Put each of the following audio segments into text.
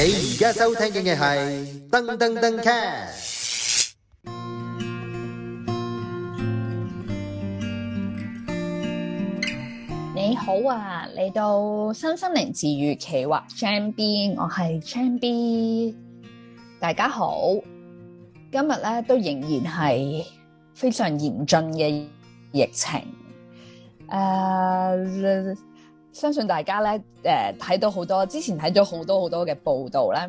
你而家收聽嘅係噔噔噔 cast。你好啊，嚟到新心靈治愈企劃 Jam B，我係 Jam B。大家好，今日咧都仍然係非常嚴峻嘅疫情。誒。相信大家咧，誒、呃、睇到好多之前睇咗好多好多嘅報道咧，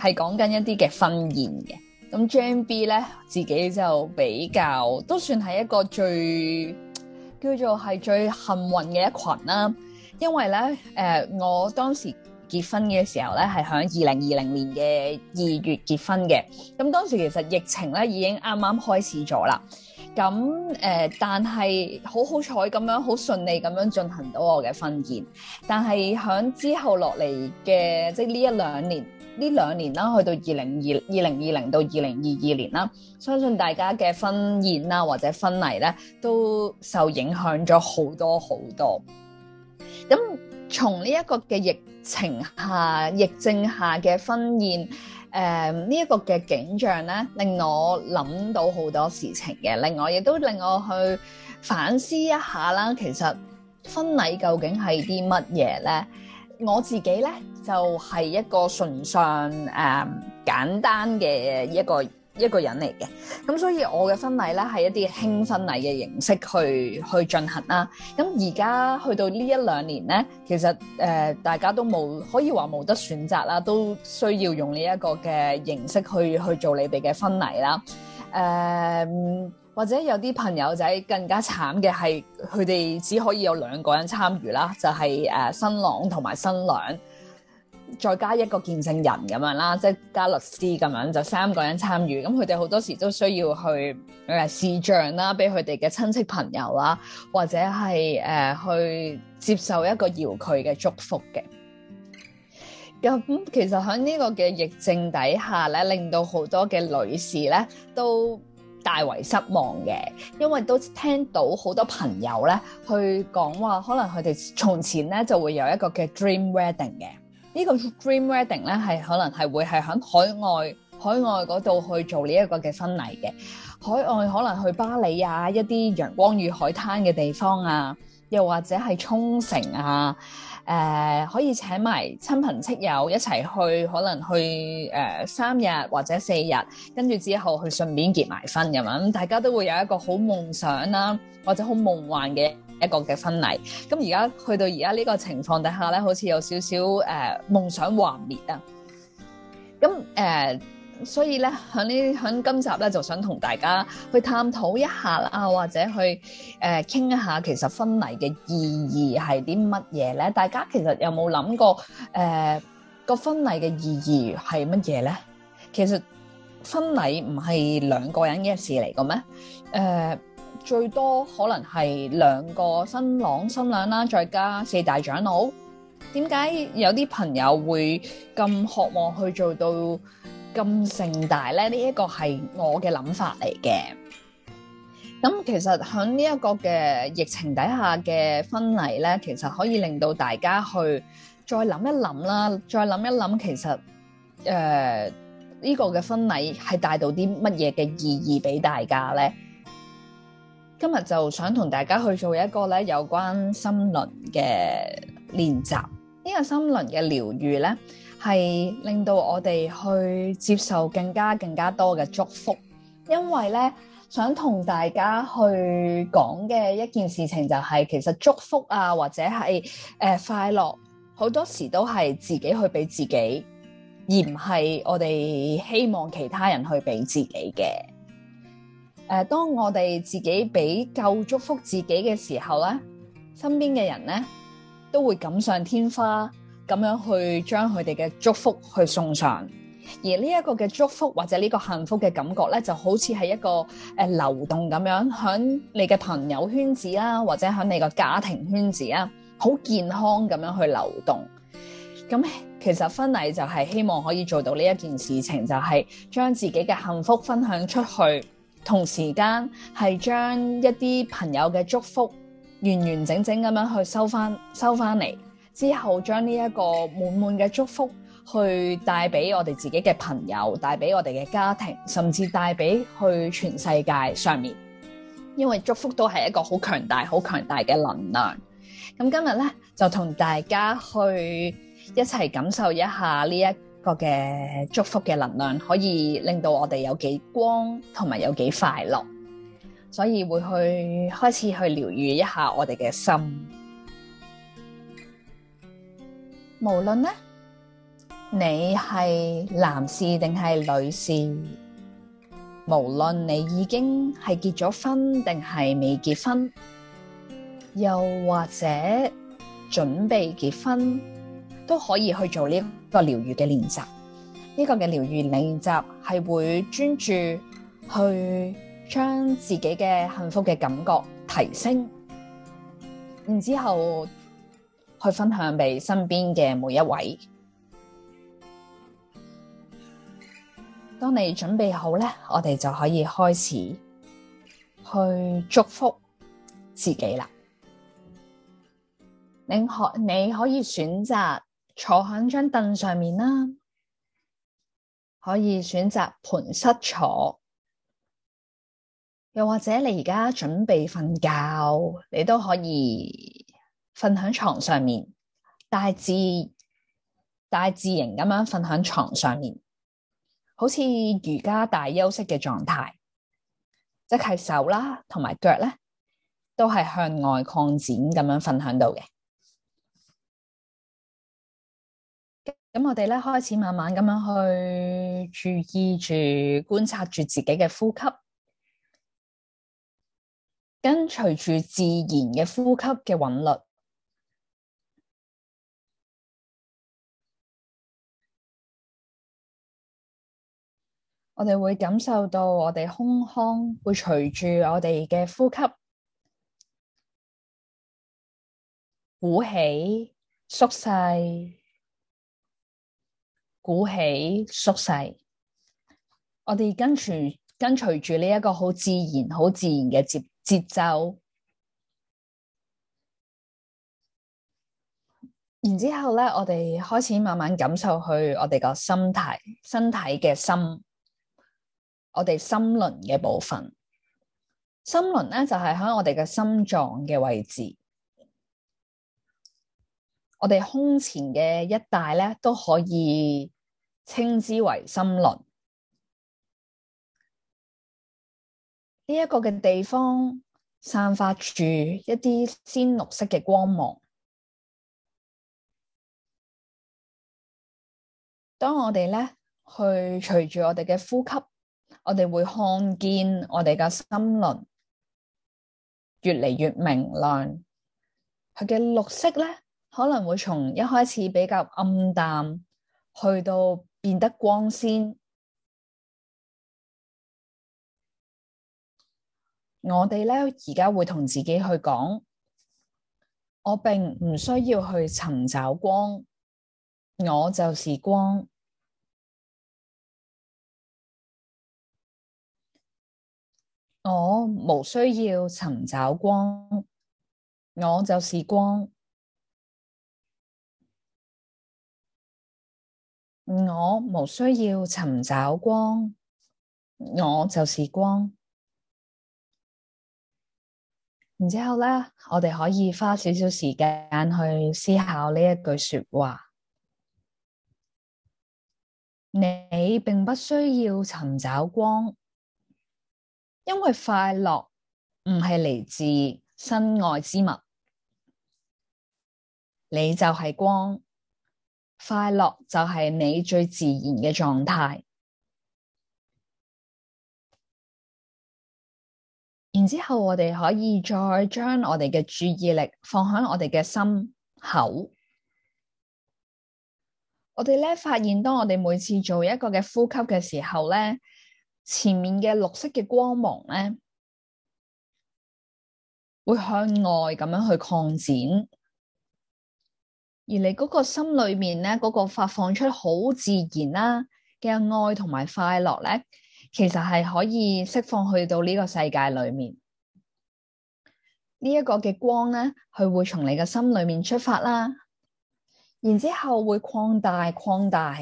係講緊一啲嘅婚宴嘅。咁 JMB a 咧自己就比較都算係一個最叫做係最幸運嘅一群啦。因為咧，誒、呃、我當時結婚嘅時候咧，係喺二零二零年嘅二月結婚嘅。咁當時其實疫情咧已經啱啱開始咗啦。咁誒、呃，但係好好彩咁樣，好順利咁樣進行到我嘅婚宴。但係喺之後落嚟嘅，即係呢一兩年，呢兩年啦，去到二零二二零二零到二零二二年啦，相信大家嘅婚宴啦、啊、或者婚禮咧，都受影響咗好多好多。咁從呢一個嘅疫情下、疫症下嘅婚宴。誒呢一個嘅景象咧，令我諗到好多事情嘅，另外亦都令我去反思一下啦。其實婚禮究竟係啲乜嘢咧？我自己咧就係、是、一個純上誒、嗯、簡單嘅一個。一個人嚟嘅，咁所以我嘅婚禮咧係一啲輕婚禮嘅形式去去進行啦。咁而家去到呢一兩年咧，其實誒、呃、大家都冇可以話冇得選擇啦，都需要用呢一個嘅形式去去做你哋嘅婚禮啦。誒、呃、或者有啲朋友仔更加慘嘅係佢哋只可以有兩個人參與啦，就係、是、誒、呃、新郎同埋新娘。再加一個見證人咁樣啦，即係加律師咁樣，就三個人參與。咁佢哋好多時都需要去誒、呃、視像啦，俾佢哋嘅親戚朋友啦，或者係誒、呃、去接受一個遙距嘅祝福嘅。咁其實喺呢個嘅疫症底下咧，令到好多嘅女士咧都大為失望嘅，因為都聽到好多朋友咧去講話，可能佢哋從前咧就會有一個嘅 dream wedding 嘅。個呢個 dream wedding 咧，係可能係會係喺海外、海外嗰度去做呢一個嘅婚禮嘅。海外可能去巴黎啊，一啲陽光與海灘嘅地方啊，又或者係沖繩啊，誒、呃、可以請埋親朋戚友一齊去，可能去誒三、呃、日或者四日，跟住之後去順便結埋婚咁樣。大家都會有一個好夢想啦、啊，或者好夢幻嘅，一個嘅婚禮，咁而家去到而家呢個情況底下咧，好似有少少誒夢想幻滅啊。咁誒，所以咧，喺呢喺今集咧，就想同大家去探討一下啊，或者去誒傾一下，其實婚禮嘅意義係啲乜嘢咧？大家其實有冇諗過誒個婚禮嘅意義係乜嘢咧？其實婚禮唔係兩個人嘅事嚟嘅咩？誒。最多可能係兩個新郎新娘啦，再加四大長老。點解有啲朋友會咁渴望去做到咁盛大咧？呢一個係我嘅諗法嚟嘅。咁其實響呢一個嘅疫情底下嘅婚禮咧，其實可以令到大家去再諗一諗啦，再諗一諗，其實誒呢個嘅婚禮係帶到啲乜嘢嘅意義俾大家咧？今日就想同大家去做一個咧，有關心輪嘅練習。呢個心輪嘅療癒咧，係令到我哋去接受更加更加多嘅祝福。因為咧，想同大家去講嘅一件事情就係、是，其實祝福啊，或者係誒、呃、快樂，好多時都係自己去俾自己，而唔係我哋希望其他人去俾自己嘅。誒，當我哋自己俾夠祝福自己嘅時候咧，身邊嘅人咧都會錦上添花，咁樣去將佢哋嘅祝福去送上。而呢一個嘅祝福或者呢個幸福嘅感覺咧，就好似係一個誒、呃、流動咁樣，喺你嘅朋友圈子啦、啊，或者喺你個家庭圈子啊，好健康咁樣去流動。咁、嗯、其實婚禮就係希望可以做到呢一件事情，就係、是、將自己嘅幸福分享出去。同時間係將一啲朋友嘅祝福完完整整咁樣去收翻收翻嚟，之後將呢一個滿滿嘅祝福去帶俾我哋自己嘅朋友，帶俾我哋嘅家庭，甚至帶俾去全世界上面。因為祝福都係一個好強大、好強大嘅能量。咁今日呢，就同大家去一齊感受一下呢一個嘅祝福嘅能量可以令到我哋有幾光，同埋有幾快樂，所以會去開始去療癒一下我哋嘅心。無論呢，你係男士定係女士，無論你已經係結咗婚定係未結婚，又或者準備結婚。都可以去做呢個療愈嘅練習，呢個嘅療愈練習係會專注去將自己嘅幸福嘅感覺提升，然之後去分享俾身邊嘅每一位。當你準備好咧，我哋就可以開始去祝福自己啦。你可你可以選擇。坐喺張凳上面啦，可以選擇盤膝坐，又或者你而家準備瞓覺，你都可以瞓喺床上面，大字大字型咁樣瞓喺床上面，好似瑜伽大休息嘅狀態，即係手啦同埋腳咧，都係向外擴展咁樣瞓響度嘅。咁我哋呢開始慢慢咁樣去注意住觀察住自己嘅呼吸，跟隨住自然嘅呼吸嘅韻律，我哋會感受到我哋胸腔會隨住我哋嘅呼吸鼓起、縮細。鼓起縮細，我哋跟，跟隨跟隨住呢一個好自然、好自然嘅節節奏，然之後咧，我哋開始慢慢感受去我哋個心態、身體嘅心，我哋心輪嘅部分。心輪咧就係、是、喺我哋嘅心臟嘅位置，我哋胸前嘅一帶咧都可以。稱之為森林，呢、這、一個嘅地方散發住一啲鮮綠色嘅光芒。當我哋咧去隨住我哋嘅呼吸，我哋會看見我哋嘅森林越嚟越明亮。佢嘅綠色咧可能會從一開始比較暗淡，去到。變得光鮮，我哋咧而家會同自己去講，我並唔需要去尋找光，我就是光，我無需要尋找光，我就是光。我無需要尋找光，我就是光。然之後咧，我哋可以花少少時間去思考呢一句說話。你並不需要尋找光，因為快樂唔係嚟自身外之物，你就係光。快樂就係你最自然嘅狀態。然之後我哋可以再將我哋嘅注意力放喺我哋嘅心口。我哋咧發現，當我哋每次做一個嘅呼吸嘅時候咧，前面嘅綠色嘅光芒咧，會向外咁樣去擴展。而你嗰個心裏面咧，嗰、嗰個發放出好自然啦嘅愛同埋快樂咧，其實係可以釋放去到呢個世界裏面，呢個、呢一個嘅光咧，佢會從你嘅心裏面出發啦，然之後會擴大擴大，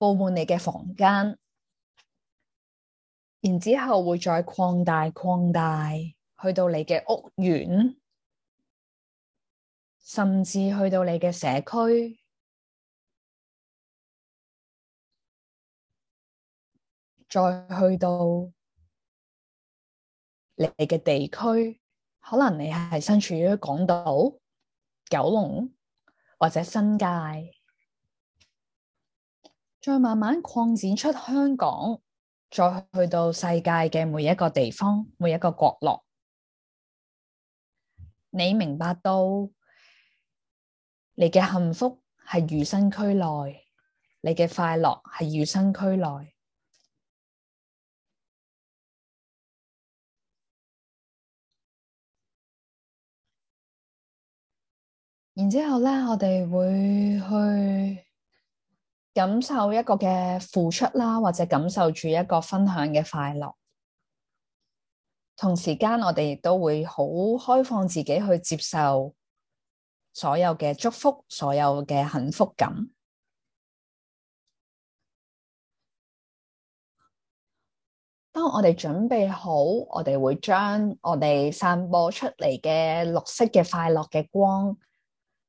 佈滿你嘅房間，然之後會再擴大擴大，去到你嘅屋苑。甚至去到你嘅社區，再去到你嘅地區，可能你係身處於港島、九龍或者新界，再慢慢擴展出香港，再去到世界嘅每一個地方、每一個角落，你明白到。你嘅幸福係與生俱來，你嘅快樂係與生俱來。然之後咧，我哋會去感受一個嘅付出啦，或者感受住一個分享嘅快樂。同時間，我哋亦都會好開放自己去接受。所有嘅祝福，所有嘅幸福感。當我哋準備好，我哋會將我哋散播出嚟嘅綠色嘅快樂嘅光，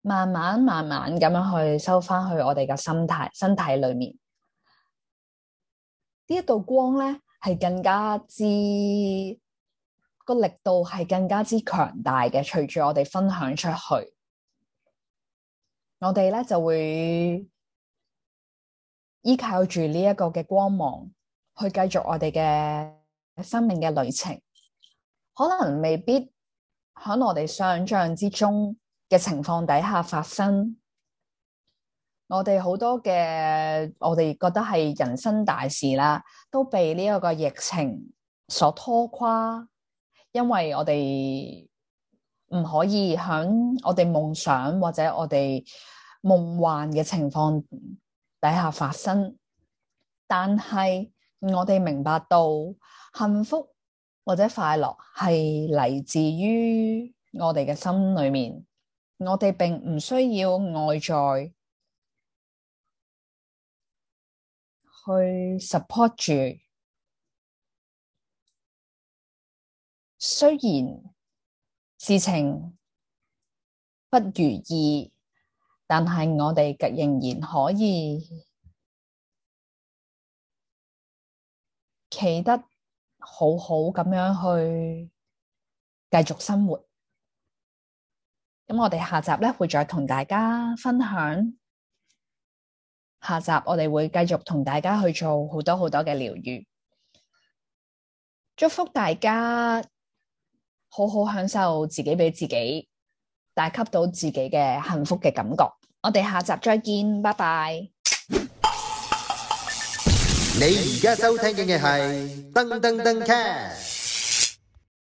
慢慢慢慢咁樣去收翻去我哋嘅心態、身體裏面。呢一道光咧，係更加之個力度，係更加之強大嘅，隨住我哋分享出去。我哋咧就會依靠住呢一個嘅光芒，去繼續我哋嘅生命嘅旅程。可能未必喺我哋想象之中嘅情況底下發生。我哋好多嘅，我哋覺得係人生大事啦，都被呢一個疫情所拖垮，因為我哋。唔可以響我哋夢想或者我哋夢幻嘅情況底下發生，但係我哋明白到幸福或者快樂係嚟自於我哋嘅心裏面，我哋並唔需要外在去 support 住，雖然。事情不如意，但係我哋仍然可以企得好好咁樣去繼續生活。咁我哋下集咧會再同大家分享，下集我哋會繼續同大家去做好多好多嘅療愈，祝福大家。好好享受自己俾自己帶給到自己嘅幸福嘅感覺，我哋下集再見，拜拜。你而家收聽嘅係噔噔噔 c